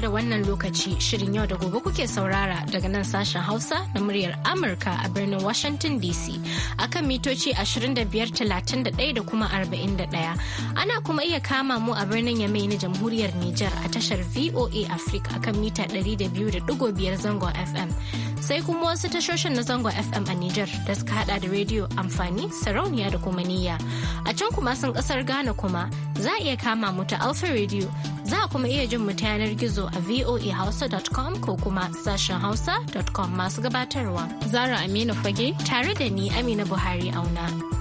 da wannan lokaci shirin yau da gobe kuke saurara daga nan sashen Hausa na muryar Amurka a birnin Washington DC akan mitoci 2531 da kuma 41. Ana kuma iya kama mu a birnin Yamai na Jamhuriyar Nijar a tashar VOA Africa akan mita 200.5 zangon FM. Sai kuma wasu tashoshin na zango FM a Nijar da suka hada da rediyo amfani sarauniya da kuma niyya. A can kuma sun kasar Ghana kuma za a iya kama mu ta Alpha Radio za a kuma iya jin mu ta yanar gizo a voahausa.com ko kuma sashen hausa.com masu gabatarwa. Zara Aminu Fage tare da ni Amina Buhari auna.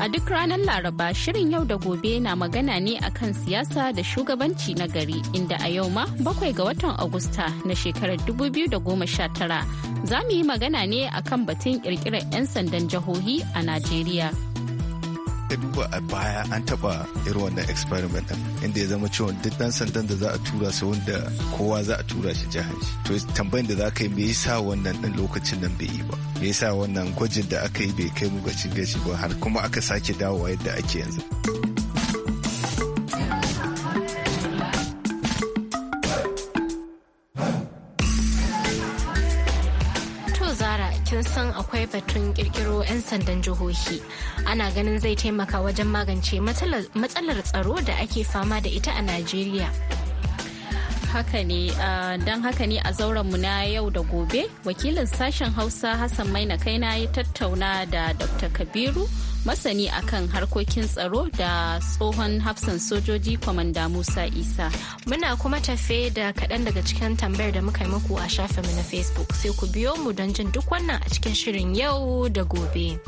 a duk ranar Laraba shirin yau da gobe na magana ne akan siyasa da shugabanci na gari inda a yau ma bakwai ga watan Agusta na shekarar 2019 za mu yi magana ne akan batun kirkirar 'yan sandan jihohi a Najeriya. ka duba a baya an taba irin wannan experiment din inda ya zama cewa duk dan sandan da za a tura su wanda kowa za a tura shi jihar to tambayin da za ka yi me yasa wannan din lokacin nan bai yi ba me yasa wannan gwajin da aka yi bai kai mu ga cin gashi ba har kuma aka sake dawowa yadda ake yanzu. akwai batun kirkiro 'yan sandan jihohi ana ganin zai taimaka wajen magance matsalar tsaro da ake fama da ita a najeriya haka ne don haka ne a zauren na yau da gobe wakilin sashen hausa hassan maina na ya tattauna da dr kabiru masani akan harkokin tsaro da tsohon hafsan sojoji kwamanda musa isa muna kuma tafe da kaɗan daga cikin tambayar da muka yi muku a shafinmu na facebook sai ku biyo mu don jin duk wannan a cikin shirin yau da gobe.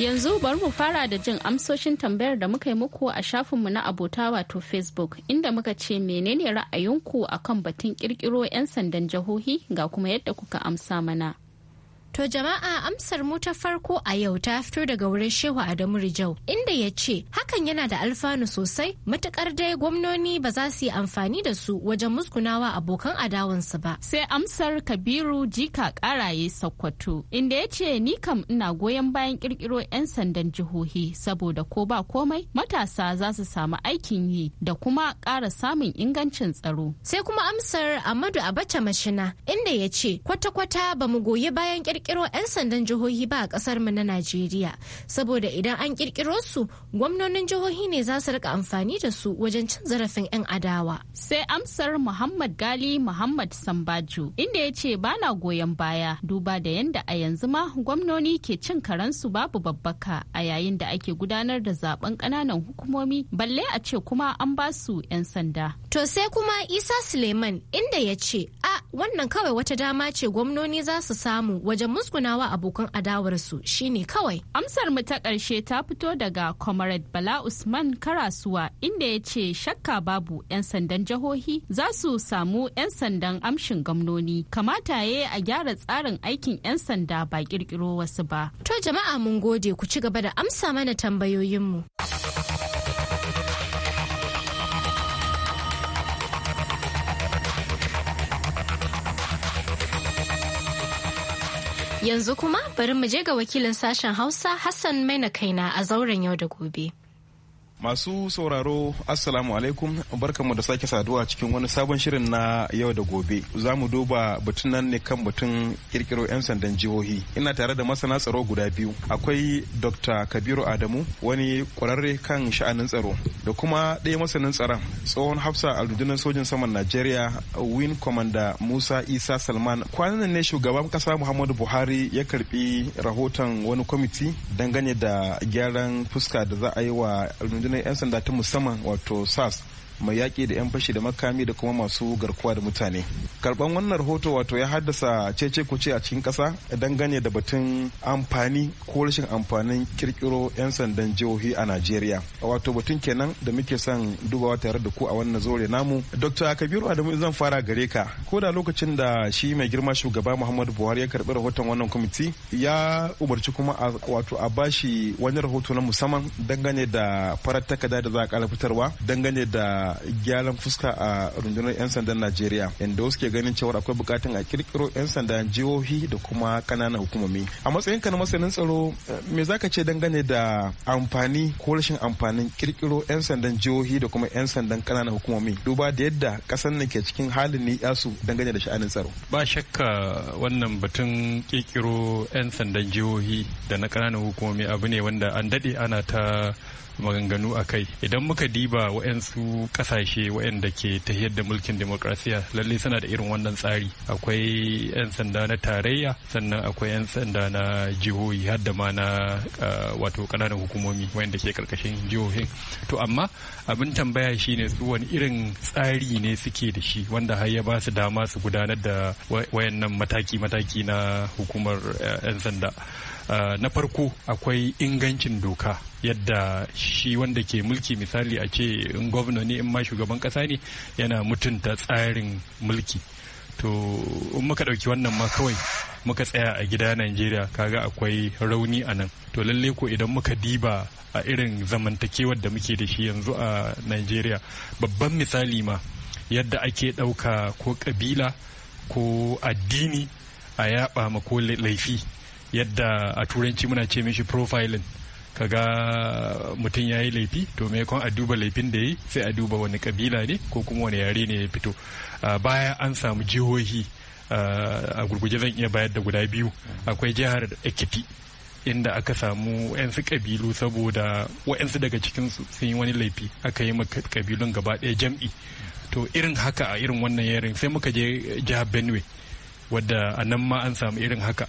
Yanzu bari mu fara da jin amsoshin tambayar da muka yi muku a shafinmu na abota wato Facebook inda muka ce menene ra'ayinku akan batun kirkiro 'yan sandan jihohi ga kuma yadda kuka amsa mana. To jama'a amsar mu ta farko a yau ta fito daga wurin Shehu Adamu Rijau inda ya ce hakan yana da alfanu sosai matukar dai gwamnoni ba za su yi amfani da su wajen muskunawa abokan adawansu ba. Sai amsar Kabiru Jika Karaye Sokoto inda ya ce ni kam ina goyon bayan kirkiro 'yan sandan jihohi saboda ko ba komai matasa za su samu aikin yi da kuma ƙara samun ingancin tsaro. Sai kuma amsar Amadu Abacha Mashina inda ya ce kwata-kwata ba mu goyi bayan kirkiro 'yan sandan jihohi ba a kasar mu na Najeriya saboda idan an kirkiro su gwamnonin jihohi ne za su rika amfani da su wajen cin zarafin 'yan adawa. Sai amsar Muhammad Gali Muhammad Sambaju inda yace ce bana goyon baya duba da yanda a yanzu ma gwamnoni ke cin karansu babu babbaka a yayin da ake gudanar da zaben ƙananan hukumomi balle a ce kuma an ba su 'yan sanda. To sai kuma Isa Suleiman inda yace ce a wannan kawai wata dama ce gwamnoni za su samu wajen musgunawa abokan adawarsu shine kawai. Amsar mu ta ƙarshe ta fito daga Comrade Bala Usman Karasuwa inda ya ce shakka babu 'yan sandan jihohi za su samu 'yan sandan amshin gamnoni. Kamata ya a gyara tsarin aikin 'yan sanda ba ƙirƙiro wasu ba. To jama'a mun gode ku ci gaba da amsa mana tambayoyinmu. Yanzu kuma bari mu je ga wakilin sashen Hausa Hassan Maina Kaina a zauren yau da gobe. Masu sauraro Assalamu alaikum barkanmu da sake saduwa cikin wani sabon shirin na yau da gobe. Za mu duba batun nan ne kan batun kirkiro 'yan sandan jihohi. Ina tare da masana tsaro guda biyu. Akwai Dr. Kabiru Adamu wani kwararre kan sha'anin tsaro da kuma ɗaya masanin tsaron tsohon hafsa a rundunar sojin saman Najeriya Win Commander Musa Isa Salman. Kwanan ne shugaban kasa Muhammadu Buhari ya karbi rahoton wani kwamiti dangane da gyaran fuska da za a yi wa rundunar 'yan sanda ta musamman wato sas mai yaƙi da 'yan fashi da makami da kuma masu garkuwa da mutane Karɓan wannan rahoto wato ya haddasa cece kuce a cikin ƙasa dangane da batun amfani ko rashin amfanin kirkiro 'yan sandan jihohi a najeriya wato batun kenan da muke son dubawa tare da ku a wannan zore namu dr kabiru adamu zan fara gare ka ko da lokacin da shi mai girma shugaba muhammadu buhari ya karɓi rahoton wannan kwamiti ya umarci kuma wato a bashi wani rahoto na musamman dangane da farar takarda da za a kara fitarwa dangane da Gyalan gyaran fuska a rundunar 'yan sandan Najeriya inda wasu ganin cewa akwai bukatun a kirkiro 'yan sandan jihohi da kuma kananan hukumomi. A matsayinka na masanin tsaro eh, me zaka ce dangane da amfani ko rashin amfanin kirkiro 'yan sandan jihohi da kuma 'yan sandan kananan hukumomi duba da yadda kasan nan ke cikin halin ni yasu dangane da sha'anin tsaro. Ba shakka wannan batun kirkiro 'yan sandan jihohi da na kananan hukumomi abu ne wanda an dade ana ta maganganu a kai idan muka diba wa'yansu kasashe wa'yanda ke tahiyar da mulkin demokrasiya lalle suna da irin wannan tsari akwai 'yan sanda na tarayya sannan akwai 'yan sanda na jihohi har da ma na wato ƙananan hukumomi wa'yanda ke karkashin jihohin to amma abin tambaya shine su wani irin tsari ne suke da shi wanda har ya ba su dama su gudanar da wayannan mataki-mataki na hukumar 'yan sanda Eh, na farko akwai ingancin doka yadda shi wanda ke mulki misali a ce in gwamna ne in ma shugaban kasa ne yana mutunta tsarin mulki to in muka ɗauki wannan ma kawai muka tsaya a gida Najeriya kaga akwai rauni a nan to lalle ko idan muka diba a irin zamantakewar da muke da shi yanzu a Najeriya babban misali ma yadda ake ɗauka ko ƙabila ko addini a yaɓa ma ko laifi yadda a turanci muna ce mishi profiling kaga mutum ya yi laifi to kwan a duba laifin da yi sai a duba wani kabila ne ko kuma wani yare ne ya fito baya an samu jihohi a gurguje zan iya bayar da guda biyu akwai jihar ekiti inda aka samu 'yansu kabilu saboda wa'yansu daga cikinsu sun yi wani laifi aka yi maka kabilun gaba ɗaya jam'i to irin haka a irin wannan yarin sai muka je jihar benue wadda a nan ma an samu irin haka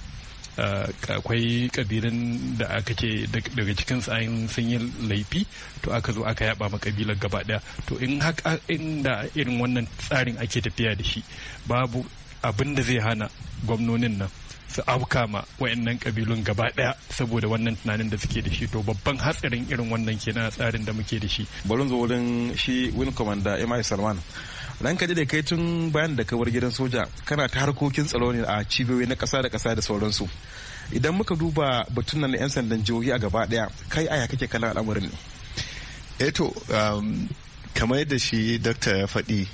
Eh, akwai kabilun da aka ce daga cikin tsayin sun yi laifi to aka zo aka yaba ma kabilar gaba daya to in haka inda irin wannan tsarin ake tafiya da shi babu abin da zai hana gwamnonin nan su auka ma wayannan kabilun gaba daya saboda wannan tunanin da suke da shi to babban hatsarin irin wannan kenan tsarin da muke da shi bari zo wurin shi win commander Imai Salman kaji da kai tun bayan da kawar gidan soja kana ta harkokin tsaro ne a cibiyoyi na kasa da kasa da sauransu idan muka duba batun nan na 'yan sandan jihohi a gaba daya kai aya kake kallon al'amarin ne eto eh um, kamar yadda shi dokta ya faɗi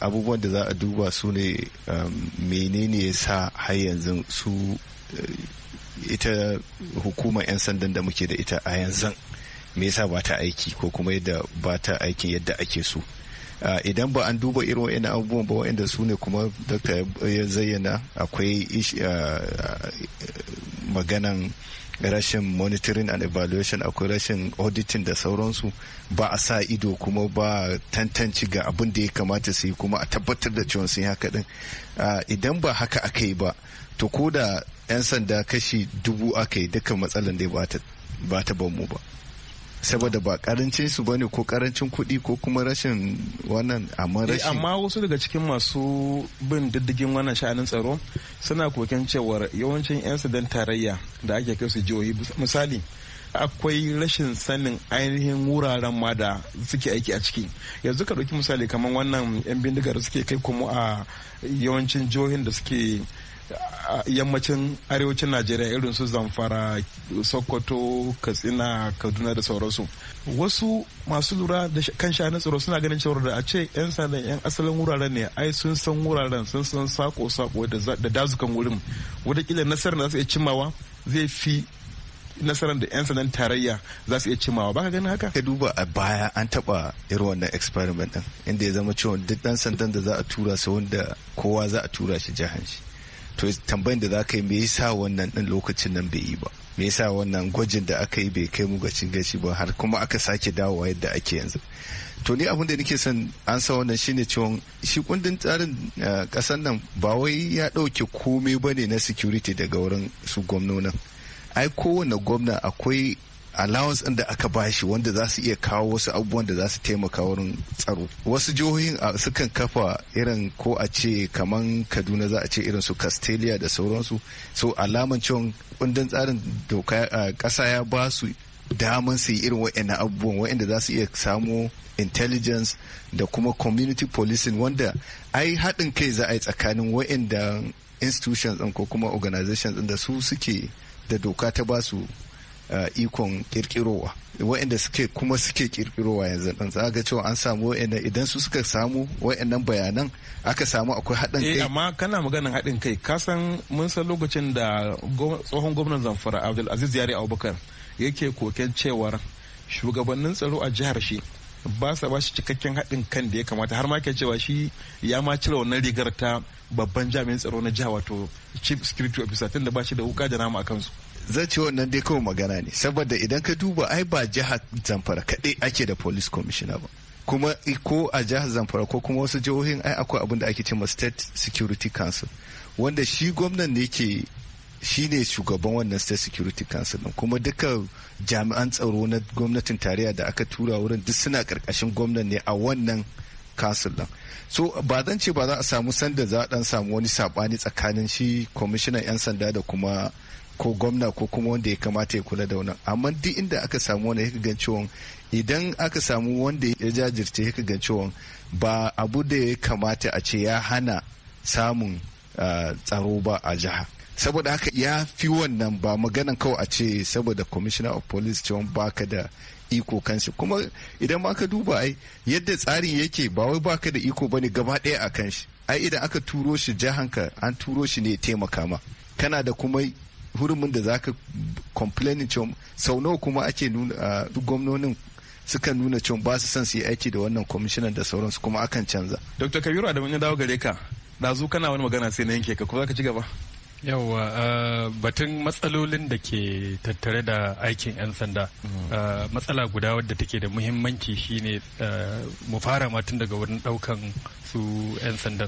abubuwan da za a duba su ne um, menene ya sa har yanzu su eh, ita hukumar 'yan sandan da muke da ita a yanzu me yasa ba ta aiki ko kuma yadda ba ta aiki yadda ake so ah, idan ba an duba irin wa'in abubuwan ba wa'inda su ne kuma dokta ya zayyana akwai ah, ah, maganan rashin monitoring and evaluation akwai rashin auditing da sauransu ba a sa ido kuma ba tantanci ga abin da ya kamata su yi kuma a tabbatar da cewa sun yi haka din idan ba haka aka yi ba to ko da 'yan sanda kashi dubu aka yi dukkan matsalan da ba ta mu ba saboda ba karancin su bane ko karancin kuɗi ko kuma rashin wannan amma eh, rashin amma wasu daga cikin masu bin diddigin wannan sha'anin tsaro suna koken cewar yawancin 'yan sadan tarayya da ake kai su jihohi misali akwai rashin sanin ainihin wuraren ma da suke aiki a ciki yanzu ka ɗauki misali kamar wannan 'yan bindigar suke kai kuma a yawancin jihohin da suke yammacin arewacin najeriya irin su zamfara sokoto katsina kaduna da sauransu wasu masu lura da kan sha tsaro suna ganin cewar da a ce 'yan sandan 'yan asalin wuraren ne ai sun san wuraren sun san sako-sako da dazukan wurin watakila nasarar da za su iya cimawa zai fi nasarar da 'yan sandan tarayya za su iya cimawa ba ka gani haka? ka duba a baya an taba irin wannan experiment din inda ya zama cewa duk dan sandan da za a tura su wanda kowa za a tura shi jihar shi to tambayin da za ka yi me yasa wannan ɗin lokacin nan bai yi ba me yasa wannan gwajin da aka yi bai kai mu gacin gaci ba har kuma aka sake dawowa yadda ake yanzu to ni abin da nake son an sa wannan shine cewa shi kundin tsarin kasan eh, nan ba wai ya ɗauke komai ba ne na security daga wurin su gwamnonin ai kowane gwamna akwai allowance ɗin da aka bashi wanda za su iya kawo wasu abubuwan da za su taimaka wurin tsaro wasu jihohin sukan kafa irin ko a ce kaman kaduna za a ce irin su castelia da sauransu so alaman cewa kundin tsarin doka a ƙasa ya ba su daman su yi irin wa'annan abubuwan wa'anda za su iya samo intelligence da kuma community policing wanda ai haɗin kai za a yi tsakanin wa'anda institutions ko kuma organizations da su suke da doka ta ba su Uh, ikon kirkirowa wa'inda suke kuma suke kirkirowa yanzu dan zaga cewa an samu wa'inda idan su suka samu wa'inan bayanan aka samu akwai haɗin kai eh, amma kana maganan haɗin kai kasan mun san lokacin da tsohon gwamnan zamfara abdul aziz yari abubakar yake koken cewar shugabannin tsaro a jihar shi ba sa ba shi cikakken haɗin kan da ya kamata har ma ke cewa shi ya ma cire wannan rigar ta babban jami'in tsaro na jiha wato chief security officer tun da ba shi da wuka da nama a kansu zan ce wannan dai kawai magana ne saboda idan ka duba ai ba jihar zamfara kaɗai ake da police commissioner ba kuma ko a jihar zamfara ko kuma wasu jihohin ai akwai abin da ake cewa state security council wanda shi gwamnan ne ke shi ne shugaban wannan state security council kuma duka jami'an tsaro na gwamnatin tarayya da aka tura wurin duk suna karkashin gwamnan ne a wannan council din so ba zan ce ba za a samu sanda za a dan samu wani sabani tsakanin shi commissioner 'yan sanda da kuma ko gwamna ko kuma wanda ya kamata ya kula da wannan amma duk inda aka samu wani ya gan ciwon idan aka samu wanda ya jajirce ya gan ciwon ba abu da ya kamata a ce ya hana samun tsaro ba a jiha saboda haka ya fi wannan ba maganan kawai a ce saboda commissioner of police cewa baka da iko kansu kuma idan ma ka duba ai yadda tsarin yake ba wai baka da iko bane gaba ɗaya a kan shi ai idan aka turo shi jahanka an turo shi ne taimaka ma kana da kuma hurumin da za ka complain cewa sau nawa kuma ake nuna gwamnonin suka nuna cewa ba su son su yi aiki da wannan kwamishinan da sauransu kuma akan canza. Dr. Kabiru Adamu ya dawo gare ka. Dazu kana wani magana sai na yanke ka kuma za ka ci gaba? yawwa batun matsalolin da ke tattare da aikin 'yan sanda matsala guda wadda take da muhimmanci shine mu fara matun daga wurin daukan su 'yan sandan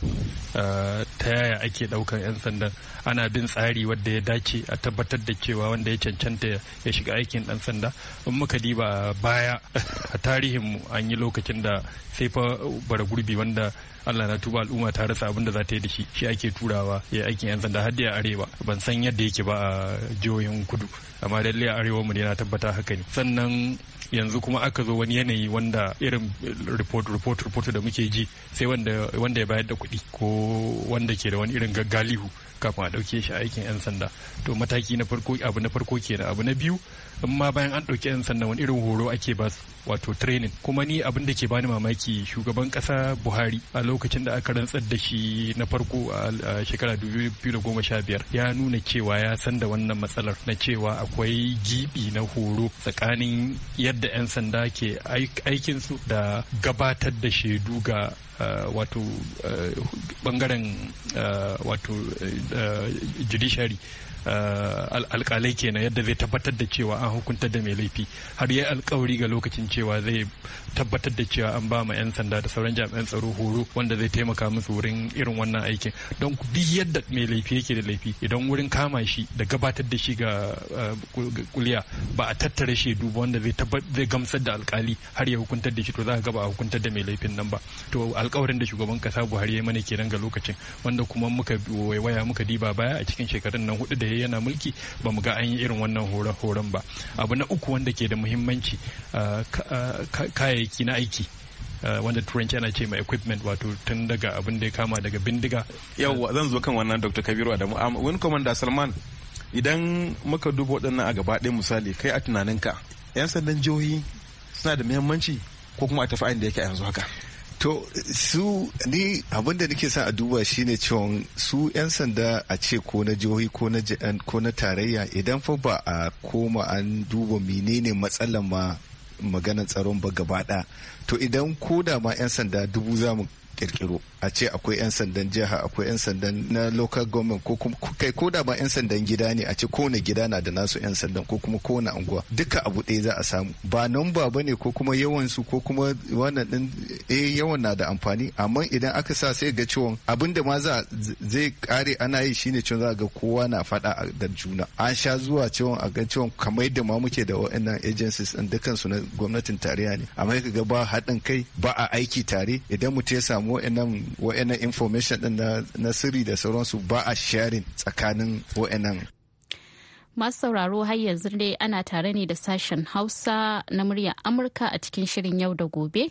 eh, ta yaya ake daukan 'yan sandan ana bin tsari wadda ya dace a tabbatar da cewa wanda ya cancanta ya shiga aikin dan sanda in muka diba baya a tarihinmu an yi lokacin da sai fa bara gurbi wanda Allah na tuba al'umma ta rasa abin da za ta yi da shi shi ake turawa ya aikin yan sanda har da ya arewa ban san yadda yake ba a jihohin kudu amma lalle a arewa mu yana tabbata haka ne sannan yanzu kuma aka zo wani yanayi wanda irin report report report da muke ji sai wanda wanda ya bayar da kuɗi ko wanda ke da wani irin gaggalihu kafin a ɗauke shi aikin 'yan sanda to mataki na farko abu na farko kenan abu na biyu amma bayan an ɗauki 'yan sanda wani irin horo ake ba wato training kuma ni abin da ke bani mamaki shugaban kasa buhari a lokacin da aka rantsar da shi na farko a shekara sha biyar ya nuna cewa ya san da wannan matsalar na cewa akwai gibi na horo tsakanin yadda 'yan sanda ke aikinsu da gabatar da shaidu ga Eh, wato eh, bangaren eh, wato judiciary Eh, alkalai kenan yadda zai tabbatar da cewa an hukunta da mai laifi har yi alkawari ga lokacin cewa zai tabbatar da cewa an ba ma 'yan sanda da sauran jami'an tsaro horo wanda zai taimaka musu wurin irin wannan aikin don duk yadda mai laifi yake da laifi idan wurin kama shi da gabatar da shi ga eh, kuliya ba a tattara shi duba wanda zai gamsar da alkali har ya hukuntar da shi to za ka gaba a hukuntar da mai laifin nan ba to alkawarin da shugaban kasa buhari ya mana kenan ga lokacin wanda kuma muka waiwaya muka diba baya a cikin shekarun nan hudu da ya yana mulki ba mu ga an yi irin wannan horon ba abu na uku wanda ke da muhimmanci uh, uh, kayayyaki na aiki uh, wanda turanci ana ce mai equipment wato tun daga abin da ya kama daga bindiga yawwa zan zo kan wannan dr kabiru adamu um, wani commander salman idan muka duba waɗannan a gaba ɗaya misali kai a tunaninka 'yan sandan jihohi suna da muhimmanci ko kuma a tafi da yake a yanzu haka To su ni abin da nake sa a duba shine cewa su 'yan sanda a ce ko na jihohi ko na tarayya idan fa ba a koma an duba menene matsalar ma maganar tsaron ba gabaɗa to idan ko da ma 'yan sanda dubu za mu kirkiro a ce akwai 'yan sandan jiha akwai 'yan sandan na local government ko kuma kai ko da ba 'yan sandan gida ne a ce kowane gida na da nasu 'yan sandan ko kuma kowane unguwa duka abu ɗaya za a samu ba nan ba ne ko kuma yawan su ko kuma wannan din eh yawan na da amfani amma idan aka sa sai ga ciwon abin da ma za zai kare ana yi shine cewa za ga kowa na faɗa da juna an sha zuwa ciwon a ga ciwon kamar yadda ma muke da wa'annan agencies in dukkan su na gwamnatin tarayya ne amma ka ga ba haɗin kai ba a aiki tare idan mutum ya samu samu wa'annan wa'annan information din na sirri da sauransu ba a sharing tsakanin wa'annan Masu sauraro har yanzu dai ana tare ne da sashen Hausa na muryar Amurka a cikin shirin yau da gobe.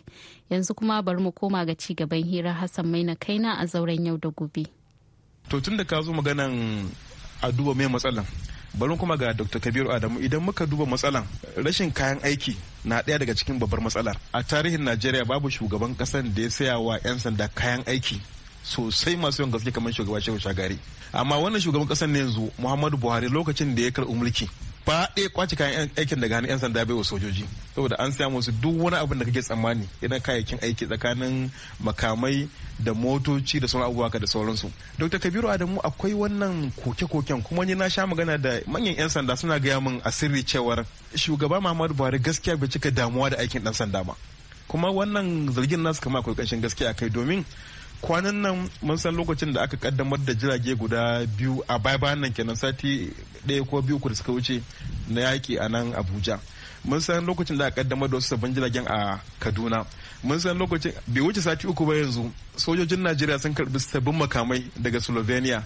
Yanzu kuma bari mu koma ga ci gaban hira Hassan Maina Kaina a zauren yau da gobe. To tun da ka zo maganan addu'a mai matsalan bari kuma ga dr kabiru adamu idan muka duba matsalan rashin kayan aiki na ɗaya daga cikin babbar matsalar a tarihin najeriya babu shugaban ƙasar da ya saya wa 'yan sanda kayan aiki sosai masu yawan gaske kamar shugaba shehu shagari amma wannan shugaban ƙasan ne yanzu muhammadu buhari lokacin da ya karɓi mulki ba ɗaya kwace kayan aikin daga hannun 'yan sanda bai wa sojoji saboda an samu su duk wani abin da kake tsammani idan kayayyakin aiki tsakanin makamai da motoci da sauran abubuwa da sauransu dr kabiru adamu akwai wannan koke-koken kuma ni na sha magana da manyan 'yan sanda suna gaya min asiri cewar shugaba muhammadu buhari gaskiya bai cika damuwa da aikin dan sanda ba kuma wannan zargin nasu kama akwai ƙanshin gaskiya kai domin kwanan nan mun san lokacin da aka kaddamar da jirage guda biyu a baya nan kenan sati ɗaya ko biyu da suka wuce na yaƙi a nan abuja mun san lokacin da aka kaddamar da wasu sabbin jiragen a kaduna mun san lokacin bai wuce sati uku ba yanzu sojojin najeriya sun karbi sabbin makamai daga slovenia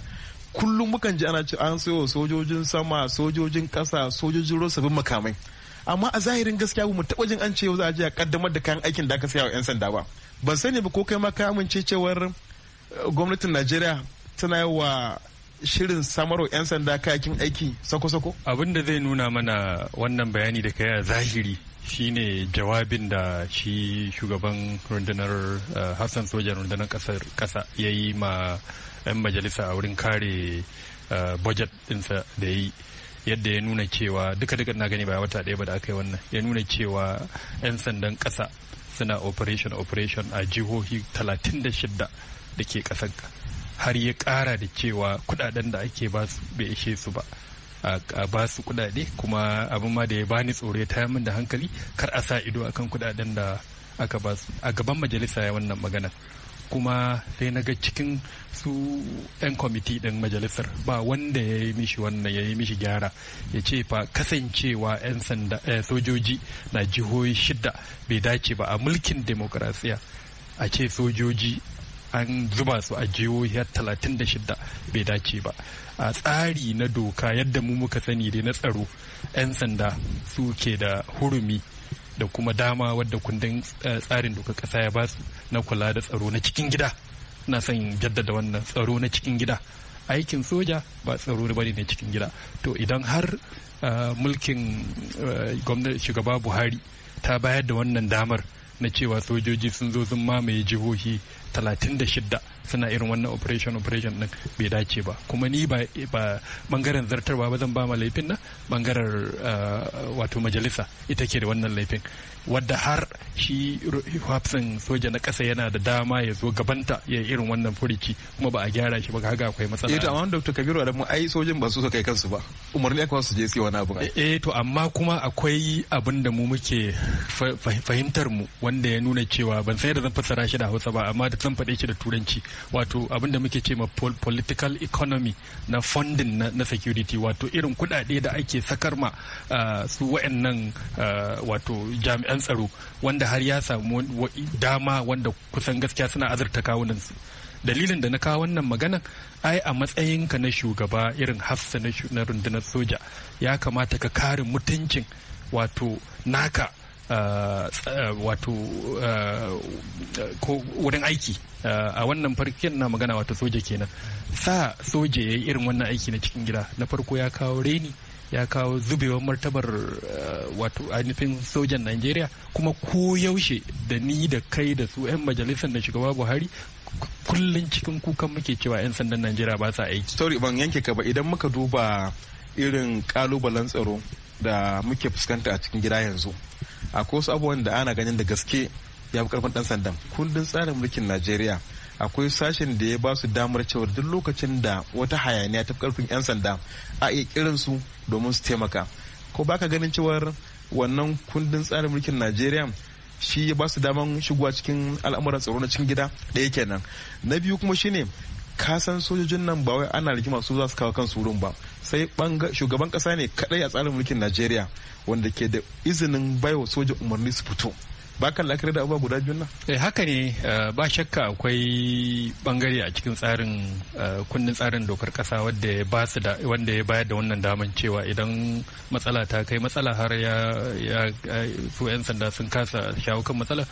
kullum mukan ji ana cewa an sayo sojojin sama sojojin kasa sojojin ruwa sabbin makamai amma a zahirin gaskiya mu taɓa jin an ce yau za a je a kaddamar da kayan aikin da aka saya wa 'yan sanda ba ban sani ba ko kai ma ka amince cewar eh, gwamnatin najeriya tana yi wa shirin samarwa 'yan sanda kayakin aiki sako-sako abin da zai nuna mana wannan bayani da kai zahiri shine jawabin da shi shugaban rundunar eh, hassan sojan rundunar kasa Yayi ma 'yan majalisa a wurin kare eh, budget dinsa da ya yi yadda ya nuna cewa duka duka na gani ba wata ɗaya ba da aka yi wannan ya nuna cewa 'yan sandan ƙasa suna operation operation a jihohi 36 da ke kasar har ya ƙara da cewa kudaden da ake ba su bai ishe su ba a ba su kudade kuma abin ma da ya bani tsoro ya tayar min da hankali kar a sa ido akan kudaden da aka ba su a gaban majalisa ya wannan maganar kuma sai naga ga cikin su 'yan kwamiti ɗin majalisar ba wanda ya yi mishi wannan ya yi mishi gyara ya ce fa kasancewa 'yan eh, sojoji na jihohi shida bai dace ba a mulkin demokrasiya a ce sojoji an zuba su a jihohi talatin da shida bai dace ba a tsari na doka yadda mu muka sani dai na tsaro 'yan sanda su ke da hurumi da kuma dama wadda kundin eh, tsarin doka kasa ya basu na kula da tsaro na cikin gida na son jaddada wannan tsaro na cikin gida aikin soja ba tsaro ba ne cikin gida to idan har eh, mulkin eh, gwamnati shugaba buhari ta bayar da wannan damar na cewa sojoji sun zo sun mamaye jihohi 36 suna irin wannan operation operation din bai dace ba kuma ni ba bangaren zartarwa ba zan ba ma laifin na bangaren eh, wato majalisa ita ke da wannan laifin wadda har shi hafsin soja na ƙasa yana da dama ya zo gabanta ya irin wannan furici kuma ba a gyara shi ba haka akwai matsala Eto eh, to amma dr kabiru Adamu ai sojin ba su suka kai kansu ba umarni aka su je su wani abu eh to amma kuma akwai abin da mu muke fahimtar mu wanda ya nuna cewa ban sai da zan fassara shi da Hausa ba amma da zan faɗe shi da turanci wato abin da muke ce ma political economy na funding na, na security wato irin kuɗaɗe da ake sakar ma su wa'annan wato jami'an tsaro wanda har ya samu dama wanda kusan gaskiya suna azurta kawunan su dalilin da na kawo wannan maganan ai a matsayinka na shugaba irin hafsa na rundunar soja ya kamata ka kare mutuncin wato naka Uh, uh, wato uh, wurin aiki a wannan farkin na magana wato soja kenan sa soja ya yi irin wannan aiki na cikin gida na farko ya kawo reni ya kawo zubewar martabar wato ainihin sojan najeriya kuma ko yaushe da ni da kai da su 'yan majalisar da shugaba buhari kullum cikin kukan muke cewa 'yan sandan najeriya ba sa aiki sorry ban yanke ka ba idan muka duba irin kalubalen tsaro da muke fuskanta a cikin gida yanzu akwai wasu abubuwan da ana ganin da gaske ya fi karfin dan sandan kundin tsarin mulkin najeriya akwai sashen da ya ba su damar cewar duk lokacin da wata hayaniya ta fi karfin 'yan sanda a iya kiran su domin su taimaka ko baka ganin cewar wannan kundin tsarin mulkin najeriya shi ya ba su daman shigowa cikin al'amuran tsaro na cikin gida ɗaya kenan na biyu kuma shine kasan sojojin nan ba wai ana rigima su za su kawo kansu wurin ba sai shugaban kasa ne kadai a tsarin mulkin najeriya wanda ke da izinin baiwa soja umarni su fito ba kan la'akari da abubuwa guda biyun eh haka ne eh, ba shakka akwai bangare a cikin tsarin eh, kundin tsarin dokar kasa wanda ya ba da wanda ya bayar da wannan daman cewa idan matsala ta kai matsala har ya ya su yan sanda sun kasa shawo kan matsala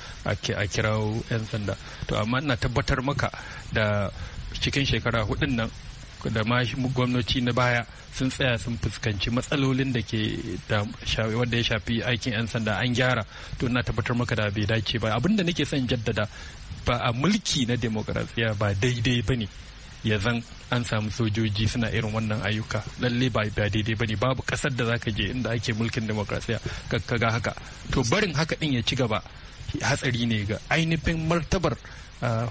a kirawo yan sanda to amma ina tabbatar maka da cikin shekara hudun nan da ma gwamnati na baya sun tsaya sun fuskanci matsalolin da ke wanda ya shafi aikin 'yan sanda an gyara to na tabbatar maka da bai dace ba abinda nake son jaddada ba a mulki na demokrasiya ba daidai ba ne ya zan an samu sojoji suna irin wannan ayyuka lalle ba daidai ba ne babu kasar da zaka je inda ake mulkin demokrasiya ga haka to barin haka din ya ci gaba hatsari ne ga ainihin martabar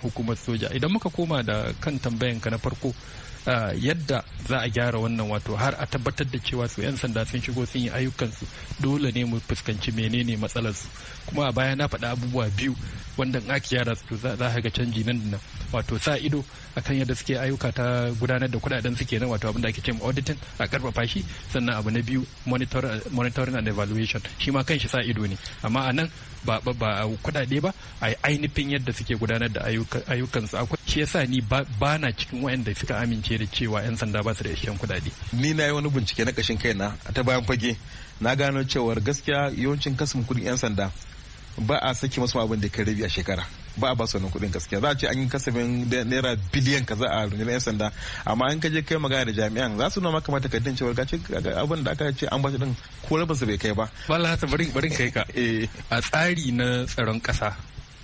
hukumar soja idan muka koma da kan tambayan ka na farko yadda za a gyara wannan wato har a tabbatar da cewa su 'yan sanda sun shigo sun yi ayyukansu dole ne mu fuskanci menene matsalarsu kuma a baya na faɗa abubuwa biyu wanda in aka gyara su za a ga canji nan da nan wato sa ido akan yadda suke ayyuka ta gudanar da kudaden suke nan wato abinda ake ce auditing a karfafa shi sannan abu na biyu monitoring and evaluation shi ma kanshi sa ido ne amma a nan ba kuɗaɗe ba a ainihin yadda suke gudanar da ayyukansu akwai shi yasa ni ba na cikin wayanda suka amince da cewa 'yan sanda ba su da isasshen kuɗaɗe. ni na yi wani bincike na kai kaina ta bayan fage na gano cewar gaskiya yawancin kasan kuɗin 'yan sanda ba a saki masu abin da ka rabi a shekara ba a ba su wannan kuɗin gaskiya za a ce an yi kasafin naira biliyan kaza a rundunar 'yan sanda amma an kaje kai magana da jami'an za su kamata ka takardun wani gace abin da aka ce an ba shi din ko rabin su bai kai ba. Bala ta bari bari kai ka. Eh. A tsari na tsaron kasa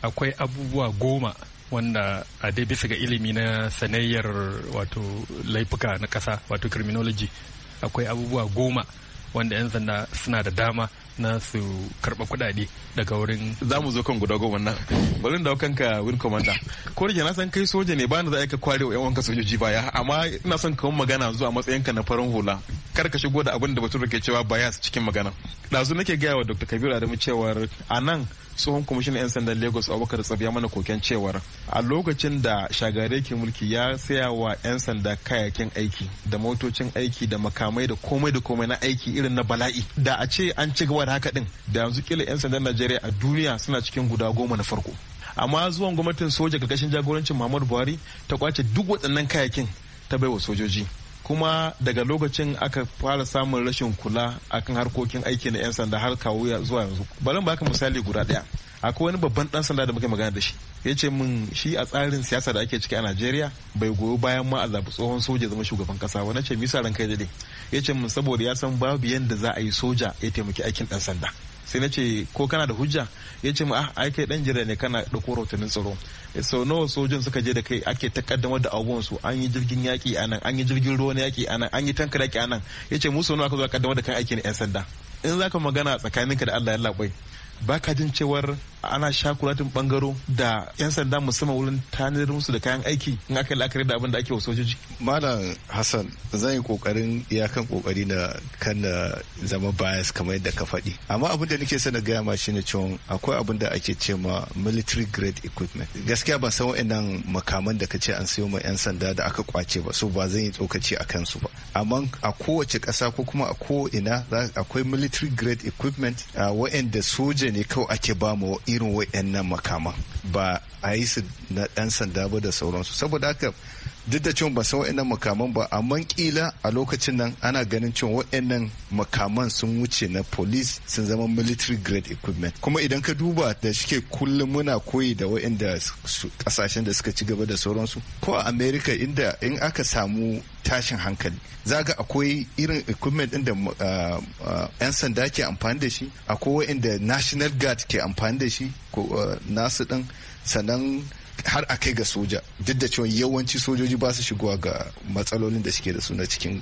akwai abubuwa goma wanda a dai bisa ga ilimi na sanayyar wato laifuka na kasa wato criminology akwai abubuwa goma wanda 'yan sanda suna da dama na su karɓa kuɗaɗe daga wurin za mu zo kan guda goma nan bari da kanka win commander ko da na san kai soja ne ba ni za a yi ka kware wa yan wanka sojoji baya amma ina son ka magana zuwa matsayinka na farin hula kar ka shigo da abin da batun ke cewa bias cikin magana ɗazu nake gaya wa dr kabiru adamu cewar a nan tsohon kwamishin 'yan sandan lagos abubakar tsab ya mana koken cewar a lokacin da shagare ke mulki ya saya wa 'yan sanda kayakin aiki da motocin aiki da makamai da komai da komai na aiki irin na bala'i da a ce an ci gaba da haka din da yanzu kila 'yan sandan najeriya a duniya suna cikin guda goma na farko amma zuwan gwamnatin soja ga gashin jagorancin muhammadu buhari ta kwace duk waɗannan kayakin ta baiwa sojoji kuma daga lokacin aka fara samun rashin kula akan harkokin aiki na 'yan sanda har kawo zuwa yanzu bari baka misali guda daya akwai wani babban dan sanda da muke magana da shi ya ce min shi a tsarin siyasa da ake ciki a najeriya bai goyo bayan ma a zaɓi tsohon soja zama shugaban kasa wani ce misa ran kai dade ya ce min saboda ya san babu yadda za a yi soja ya taimaki aikin dan sanda sai na ce ko kana da hujja ya ce ah ai kai dan jira ne kana da rahotannin tsaro sau nawa sojin suka je da kai ake ta kaddamar da abubuwan su an yi jirgin yaki a nan an yi jirgin ruwan yaƙi yaki a nan an yi tankar yaki a nan ya ce musu nawa ka zo kaddamar da kan na yan sanda in zaka magana tsakaninka da Allah ya labai baka jin cewar ana shakulatin bangaro da 'yan sanda musamman wurin tanadar musu da kayan aiki in aka la'akari da abin da ake wa sojoji. Malam Hassan zan yi kokarin kan kokari na kan na zama bias kamar yadda ka faɗi. Amma abin da nake son na gaya ma shine cewa akwai abin da ake ce ma military grade equipment. Gaskiya ban san wa'annan makaman da ka ce an sayo ma 'yan sanda da aka kwace ba so ba zan yi tsokaci a kansu ba. Amma a kowace ƙasa ko kuma a ko ina akwai military grade equipment wa'anda soja ne kawai ake ba ma irin waɗannan makaman ba a yi su na ɗan sanda ba da sauransu saboda haka duk da cewa ba san wa'annan makaman ba amma kila a lokacin nan ana ganin cewa wa'annan makaman sun wuce na police sun zama military grade equipment kuma idan ka duba da shike kullum muna koyi da wa'anda kasashen da suka ci gaba da sauransu ko a america inda in aka samu tashin hankali zaga akwai irin equipment din da uh, uh, yan sanda ke amfani da shi akwai wa'anda national guard ke amfani da shi ko uh, nasu din sannan har a kai ga soja duk da cewa yawanci sojoji ba su shigowa ga matsalolin da suke da su na cikin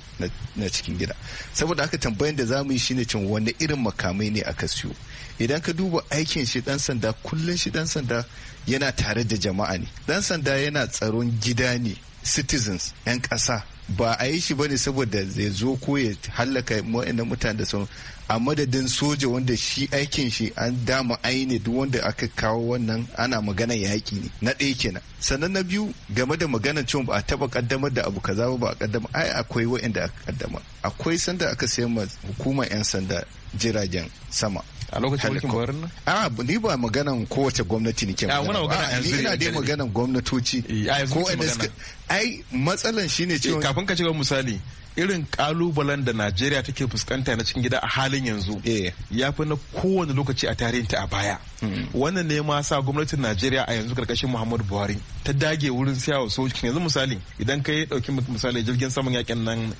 gida saboda haka tambayan da za mu yi shine cin wani irin makamai ne aka siyo idan ka duba aikin shi dan sanda kullun shi dan sanda yana tare da jama'a ne dan sanda yana tsaron gida ne citizens 'yan ƙasa ba a yi shi bane saboda zai zo ko ya hallaka wa'annan mutane da sauran a madadin soja wanda shi aikin shi an dama aini duk wanda aka kawo wannan ana magana yaƙi ne na ɗaya kenan sannan na biyu game da maganar cewa ba a taɓa kaddamar da abu kaza ba ba a kaddamar ai akwai wa'anda aka kaddamar akwai sanda aka sayar ma hukumar 'yan sanda jiragen sama a lokacin mulkin buhari nan a ah, ni ba maganan kowace gwamnati ne ke ah, magana ba ni ina dai maganan gwamnatoci eh, ko ai matsalan shine eh, cewa kafin ka ci misali irin kalubalen da najeriya take fuskanta na cikin gida a halin yanzu eh. ya fi na kowane lokaci a tarihinta a baya hmm. wannan ne ma sa gwamnatin najeriya a yanzu karkashin muhammadu buhari ta dage wurin siya wa yanzu misali idan ka yi dauki misali jirgin saman yakin nan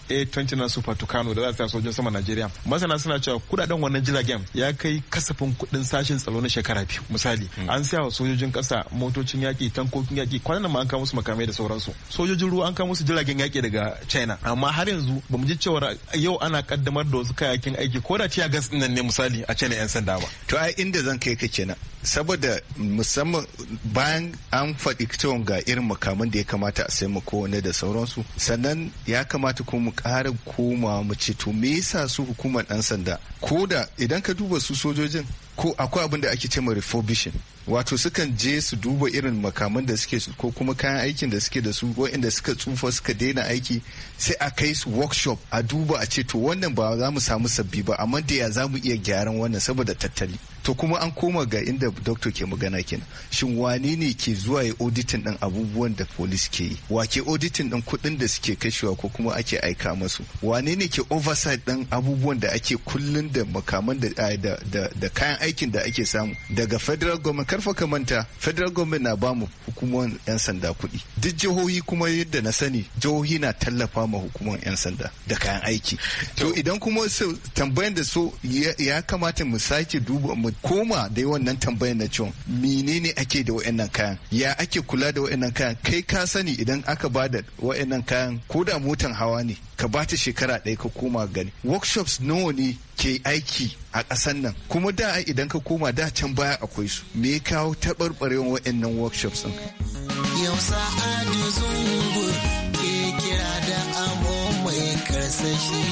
a super tucano da za su sojojin sama najeriya masana suna cewa kudaden wannan jiragen ya kai kasafin kuɗin sashen tsaro na shekara biyu misali hmm. an siya wa sojojin kasa motocin yaki tankokin yaki kwanan ma an kawo musu makamai da sauransu sojojin ruwa an kawo musu jiragen yaki daga china amma har yanzu yanzu bamu ji cewa yau ana kaddamar da wasu kayakin aiki ko da ciya gas nan ne misali a ce yan sanda ba to ai inda zan kai ka kenan saboda musamman bayan an faɗi cewa ga irin makaman da ya kamata a sai mu kowane da sauransu sannan ya kamata ko mu ƙara koma mu ce to me yasa su hukumar ɗan sanda ko da idan ka duba su sojojin ko akwai abin da ake ce ma refurbishing wato sukan je su duba irin makaman da suke su ko kuma kayan aikin da suke da su waɗanda suka tsufa suka daina aiki sai a kai su workshop a duba a ce to wannan ba za mu samu sabbi ba amma da ya za mu iya gyaran wannan saboda tattali to kuma an koma ga inda doctor ke magana kenan shin wane ne ke zuwa ya auditing din abubuwan da police ke yi wa ke auditing din kuɗin da suke kashewa ko kuma ake aika masu wane ne ke oversight din abubuwan da ake kullun da makaman da kayan aikin da ake samu daga federal government karfa ka manta federal government na bamu hukumar yan sanda kuɗi duk jihohi kuma yadda na sani jihohi na tallafa ma hukumar yan sanda da kayan aiki to idan kuma tambayan da so ya kamata mu sake duba mu koma da wannan tambayan na cewa menene ake da wayannan kayan ya ake kula da wayannan kayan kai ka sani idan aka ba da wayannan kayan ko da motan hawa ne ka bata shekara ɗaya ka koma gani workshops nawa ne ke aiki a ƙasan nan kuma da idan ka koma da can baya akwai su me ya kawo taɓarɓarewa waɗannan workshops ɗin yau sa'adu zungur ke kira da abu mai karsashi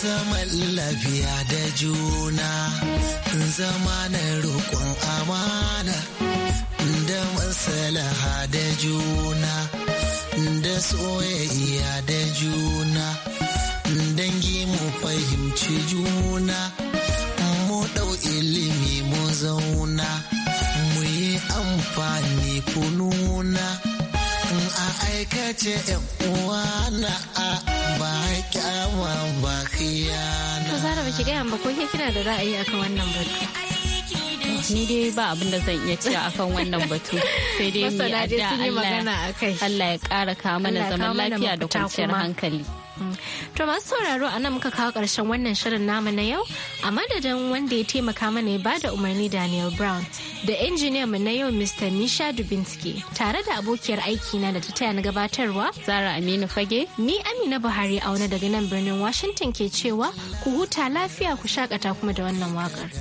zaman lafiya da juna. zama na roƙon amana da masalaha da juna da soyayya da juna dangi mu fahimci juna mu ɗau ilimi mu zauna mu yi amfani kununa a aikace uwa na a awan to zara ki gaya ba ko ke kina da ra'ayi akan wannan batu ni dai ba abin da zan iya cewa akan wannan batu sai dai mu yi addu'a Allah ya kara kawo mana zaman lafiya da kwanciyar hankali Mm. To masu sauraro a nan muka kawo ƙarshen wannan shirin namu na yau a madadin wanda ya taimaka mana ya bada umarni Daniel Brown da injiniyan mu na yau Mr. Nisha Dubinsky tare da abokiyar aiki na da ta taya na gabatarwa Zara Aminu Fage ni Amina Buhari a wani daga nan birnin Washington ke cewa ku huta lafiya ku shakata kuma da wannan wakar.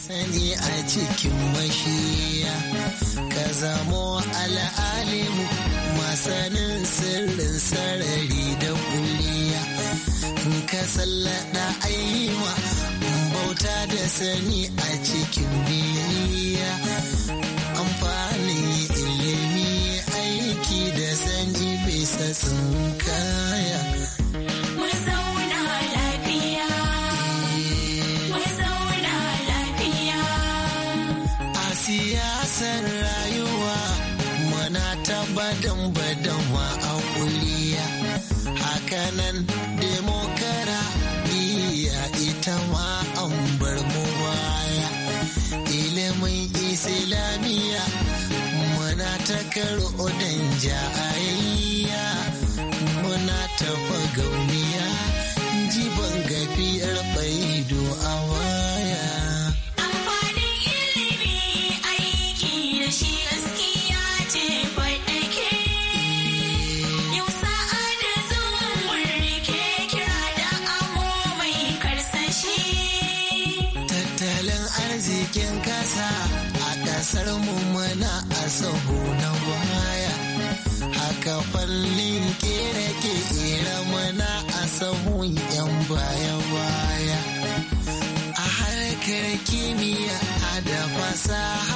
Sani a cikin mashiya ka zamo al'alimu sirrin sarari da kuli. in ka sallada aiwa bauta da sani a cikin biniya Amfanin ilimi aiki da sanji bisa sun kaya side.